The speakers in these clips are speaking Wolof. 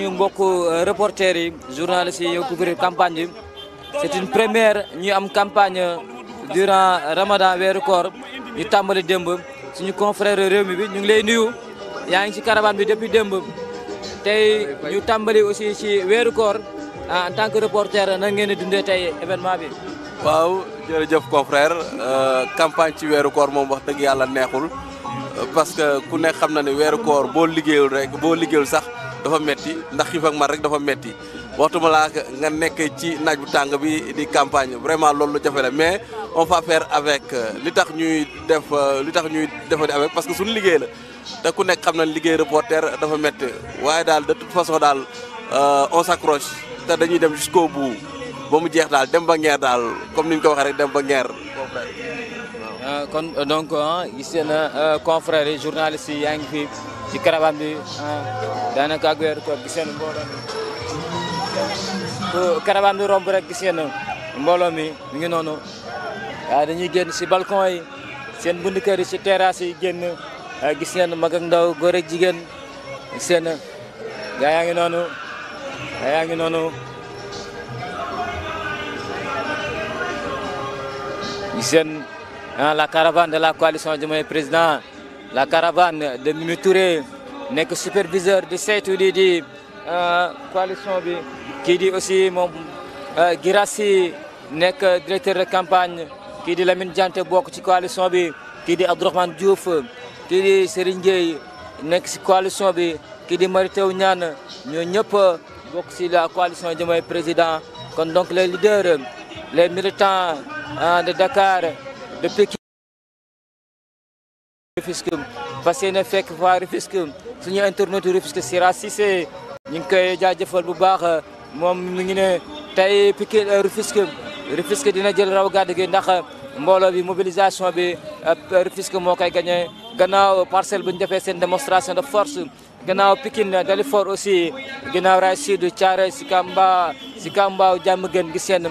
ñu mbokk euh, reporter yi journalistes yi ñoo couvrir campagne bi c'est une première ñu am campagne durant Ramadan weeru koor ñu tàmbali démb suñu confrère réew mi ñu ngi lay nuyu yaa ngi ci caravane bi depuis démb tey ñu tàmbali aussi ci weeru koor ah, en tant que reporter nan ngeen di dundee tey événement bi. waaw jërëjëf confrère euh, campagne ci weeru koor moom wax dëgg yàlla neexul. parce que ku nekk xam na ne weeru koor boo liggéeyul rek boo liggéeyul sax dafa metti ndax xiif ak mar rek dafa metti waxtuma laa nga nekk ci naaj bu tàng bi di campagne vraiment loolu lu jafe la mais on va faire avec euh, li tax ñuy def euh, li tax ñuy defati avec parce que suñu liggéey la te ku nekk xam na liggéey reporter dafa metti waaye daal de toute façon daal euh, on s'accroche te dañuy dem jusqu'au bout ba mu jeex daal dem ba ngeer daal comme ni ñu ko waxee rek dem ba ngeer kon euh, donc ah, gis na euh, euh, confrères yi journalistes yi yaa ngi fi ci caravane bi ah, daanaka ak weeru koor gis na mbooloo romb rek gis na mbooloo mi mi ngi noonu waaw dañuy génn si balcon yi seen bunt yi si terrasse yi génn gis ngeen mag ndaw góor ak jigéen gis yaa ngi noonu gaa ngi noonu gis Hein, la caravane de la coalition du Moyen Président, la caravane de Mimi Touré, n'est superviseur de cette euh, coalition qui dit aussi mon euh, Girassi, n'est directeur de campagne, qui dit Lamine Diante Bok, la coalition qui dit Abdourahman Diouf, qui dit Serigne nekk ci coalition qui dit di Mary nous Niane ñoo la coalition du maire Président comme donc les leaders les militants hein, de Dakar de Pikine Rufisque fas yéene fekk waa Rufisque suñu internet Rufisque Sira Cissé ñu ngi koy jaajëfal bu baax moom mi ngi ne tey Pikine dina jël raw gàddu gi ndax mbooloo bi mobilisation bi Rufisque moo koy gagné gannaaw parcelle bu ñu defee seen démonstration de force gannaaw Pikine Dalifort aussi gannaaw Rail Sud Thiaroye Sicap Mbao Sicap Mbao Diamaguène Guissène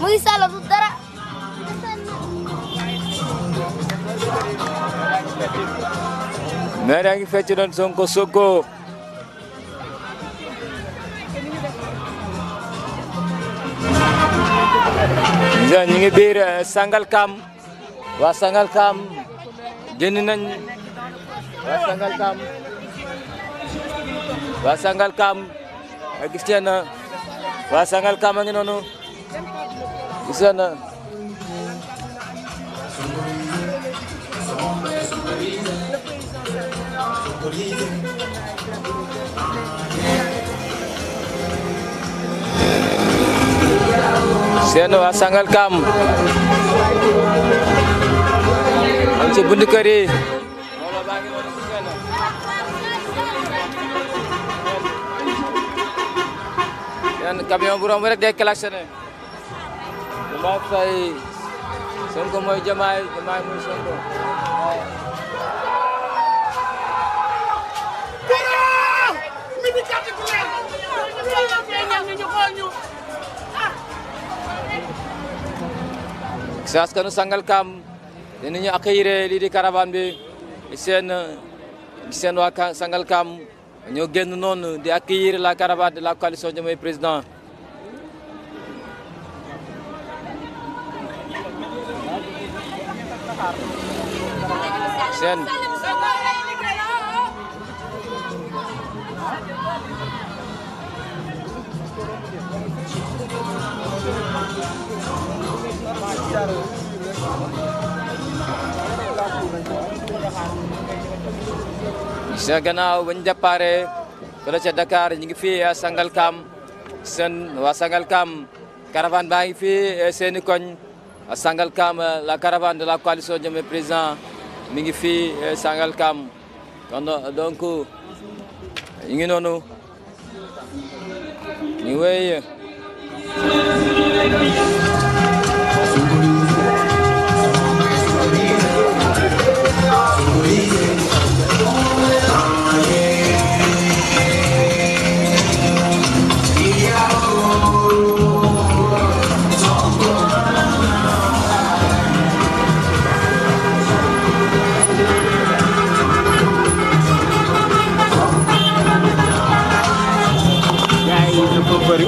muy sala du dara nee naa ngi fecc doon Sonko kam, ñu kam, kam, Sangalkam waa sangal kam, nañ sangal kam waa gis ngeen di sana. Seno asangal kam. Anche bundi kare. Yani kamyon burung verip diye Diomaye Faye Sonko mooy Diomaye Diomaye mooy Sonko si askanu Sangalkam dinañu accueillir lii di caravane bi seen seen waa Sangalkam ñoo génn noonu di accueillir la caravane de la coalition Diomaye président sen. Ya sen Sen. Sen. Sen. Sen. ca Dakar Sen. sen Sen. sen Sen. Sen. Sen. caravane eh, Sen. Sen. Sen. seeni koñ à Sangalkam, euh, la caravane de la coalition de mes présents, Mingifi, euh, Sangalkam. Euh, donc, nous sommes Nous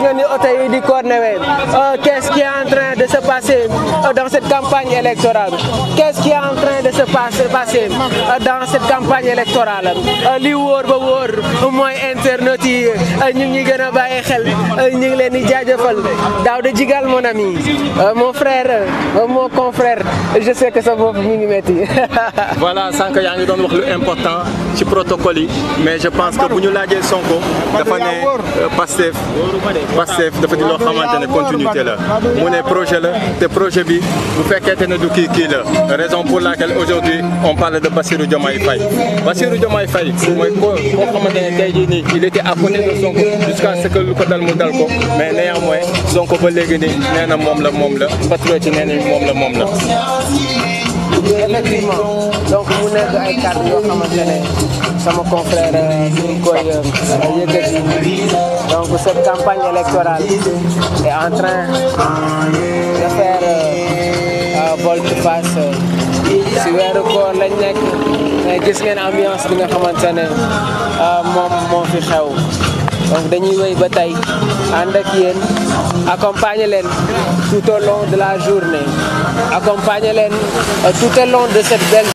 ngeen ni oto yi di euh, qu'est-ce qui est en train de se passer euh, dans cette campagne électorale qu'est-ce qui est en train de se passer euh, dans cette campagne électorale li wóor ba wóor mooy internet yi ñu ngi gën a xel ñu ngi leen di jaajëfal Daouda Djigal mon ami mon frère mon confrère je sais que ça bopp mi ngi metti voilà sànq yaa ngi doon wax lu important ci protocole yi mais je pense que bu ñu laajee Sonko dafa ne Pastef Pastef dafa di lo xamantene continuité la mu ne projet la té projet bi bu fekkente ne du ki ki la raison pour laquelle aujourd'hui on parle de Bassirou Diomaye Faye Bassirou Diomaye Faye moy ko koo xamante ne tey il était à côté de Sonko jusqu'à ce que lu ko dal mu dal ko mais néanmoins Sonko ba léegi nii nee na moom la mom la patriote ci néna mom la mom la effectivement donc mu nekk ay carte yo xamantene sama confrère euh, confrères euh, donc cette campagne électorale est en train de faire euh, volte-face si weeru koor lañ nekk mais gis ngeen ambiance bi nga xamante Mon moom fi donc dañuy nouveau, ba tey ànd ak yéen tout au long de la journée accompagnez-les tout au long de cette belle